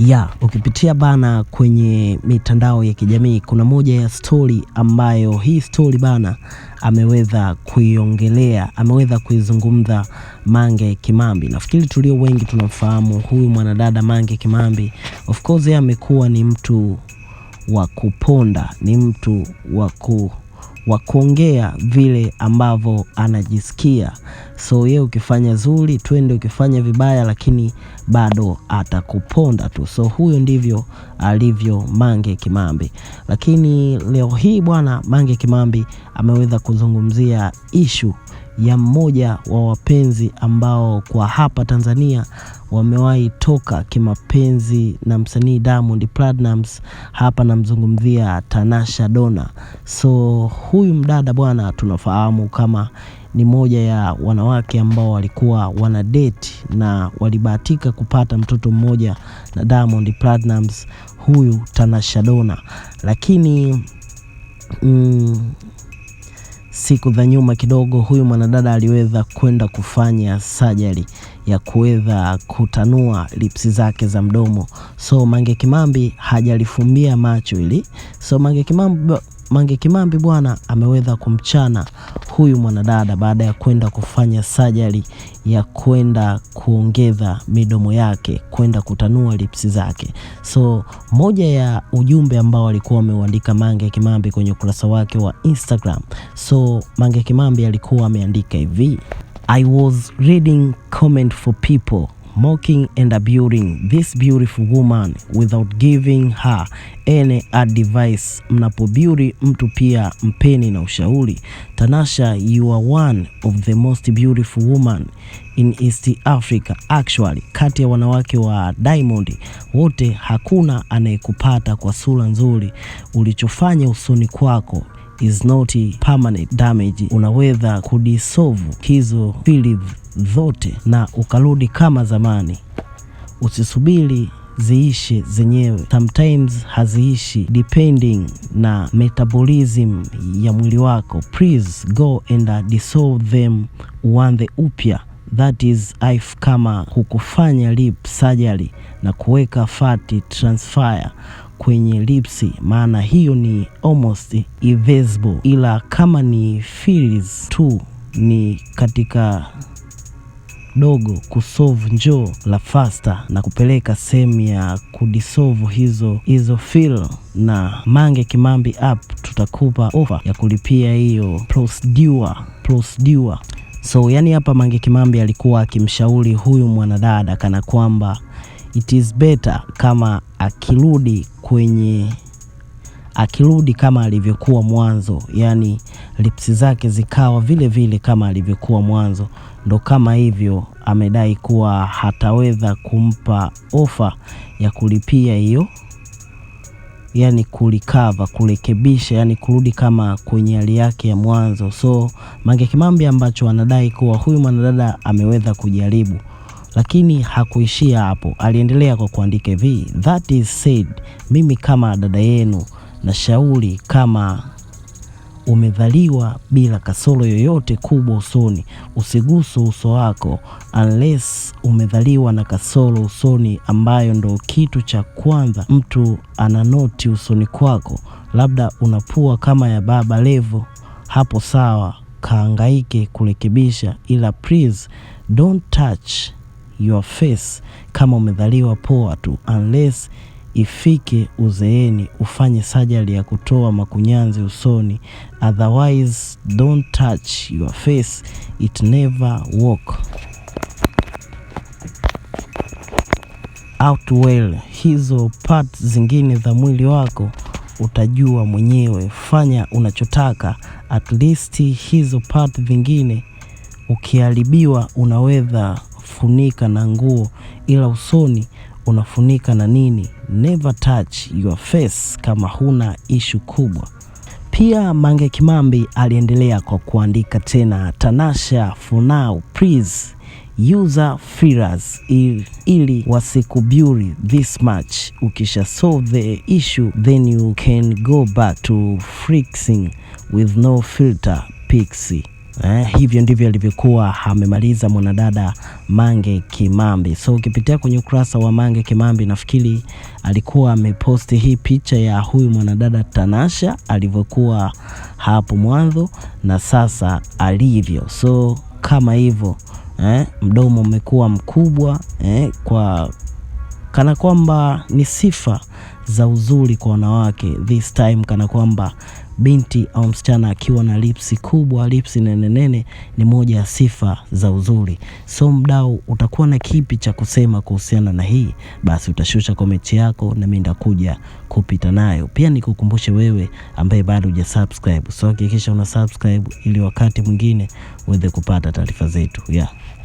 Ya, ukipitia bana kwenye mitandao ya kijamii kuna moja ya stori ambayo hii stori bana ameweza kuiongelea, ameweza kuizungumza Mange Kimambi. Nafikiri tulio wengi tunamfahamu huyu mwanadada Mange Kimambi. Of course yeye amekuwa ni mtu wa kuponda, ni mtu wa ku wa kuongea vile ambavyo anajisikia. So ye ukifanya zuri twende, ukifanya vibaya, lakini bado atakuponda tu. So huyo ndivyo alivyo Mange Kimambi. Lakini leo hii bwana, Mange Kimambi ameweza kuzungumzia ishu ya mmoja wa wapenzi ambao kwa hapa Tanzania wamewahi toka kimapenzi na msanii Diamond Platnumz. Hapa namzungumzia Tanasha Donna. So huyu mdada bwana, tunafahamu kama ni moja ya wanawake ambao walikuwa wana date na walibahatika kupata mtoto mmoja na Diamond Platnumz, huyu Tanasha Donna, lakini mm, siku za nyuma kidogo, huyu mwanadada aliweza kwenda kufanya sajari ya kuweza kutanua lipsi zake za mdomo. So Mange Kimambi hajalifumbia macho ili so Mange Kimambi Mange Kimambi bwana ameweza kumchana huyu mwanadada baada ya kwenda kufanya sajari ya kwenda kuongeza midomo yake, kwenda kutanua lipsi zake. So moja ya ujumbe ambao alikuwa ameuandika Mange Kimambi kwenye ukurasa wake wa Instagram. So Mange Kimambi alikuwa ameandika hivi: I was reading comment for people mocking and abusing this beautiful woman without giving her any advice. Mnapoburi mtu pia mpeni na ushauri. Tanasha, you are one of the most beautiful woman in East Africa. Actually, kati ya wanawake wa Diamond wote hakuna anayekupata kwa sura nzuri. Ulichofanya usoni kwako is not permanent damage. Unaweza kudisolve hizo feelings zote na ukarudi kama zamani. Usisubiri ziishe zenyewe, sometimes haziishi depending na metabolism ya mwili wako. Please go and dissolve them, uanze upya. That is if kama hukufanya lip surgery na kuweka fat transfer kwenye lipsi, maana hiyo ni almost invisible, ila kama ni fillers tu ni katika dogo kusolve njoo la fasta na kupeleka sehemu ya kudisolve hizo hizo fil na Mange Kimambi app tutakupa ofa ya kulipia hiyo procedure procedure. So yani hapa Mange Kimambi alikuwa akimshauri huyu mwanadada kana kwamba it is better kama akirudi kwenye akirudi kama alivyokuwa mwanzo, yani lipsi zake zikawa vile vile kama alivyokuwa mwanzo ndo kama hivyo, amedai kuwa hataweza kumpa ofa ya kulipia hiyo, yani kulikava, kurekebisha, yani kurudi kama kwenye hali yake ya mwanzo. So Mange Kimambi ambacho anadai kuwa huyu mwanadada ameweza kujaribu lakini hakuishia hapo. Aliendelea kwa kuandika hivi: that is said, mimi kama dada yenu nashauri kama umevaliwa bila kasoro yoyote kubwa usoni. Usiguse uso wako unless umevaliwa na kasoro usoni, ambayo ndo kitu cha kwanza mtu ananoti usoni kwako. Labda unapua kama ya Baba Levo, hapo sawa, kaangaike kurekebisha, ila please don't touch your face kama umevaliwa poa tu unless ifike uzeeni ufanye sajali ya kutoa makunyanzi usoni, otherwise don't touch your face, it never work out well. Hizo part zingine za mwili wako utajua mwenyewe, fanya unachotaka. At least hizo part vingine ukiharibiwa, unaweza funika na nguo, ila usoni unafunika na nini? Never touch your face kama huna ishu kubwa. Pia Mange Kimambi aliendelea kwa kuandika tena, Tanasha for now please user feelers ili, ili this much. Ukisha solve the issue then you can go back to flexing with no filter pixie. Eh, hivyo ndivyo alivyokuwa amemaliza mwanadada Mange Kimambi. So ukipitia kwenye ukurasa wa Mange Kimambi, nafikiri alikuwa ameposti hii picha ya huyu mwanadada Tanasha alivyokuwa hapo mwanzo na sasa alivyo. So kama hivyo eh, mdomo umekuwa mkubwa eh, kwa kana kwamba ni sifa za uzuri kwa wanawake this time, kana kwamba binti au msichana akiwa na lipsi kubwa, lipsi nenenene ni moja ya sifa za uzuri. So mdau, utakuwa na kipi cha kusema kuhusiana na hii? Basi utashusha komenti yako na mimi nitakuja kupita nayo. Pia nikukumbushe wewe ambaye bado hujasubscribe, so hakikisha una subscribe ili wakati mwingine uweze kupata taarifa zetu yeah.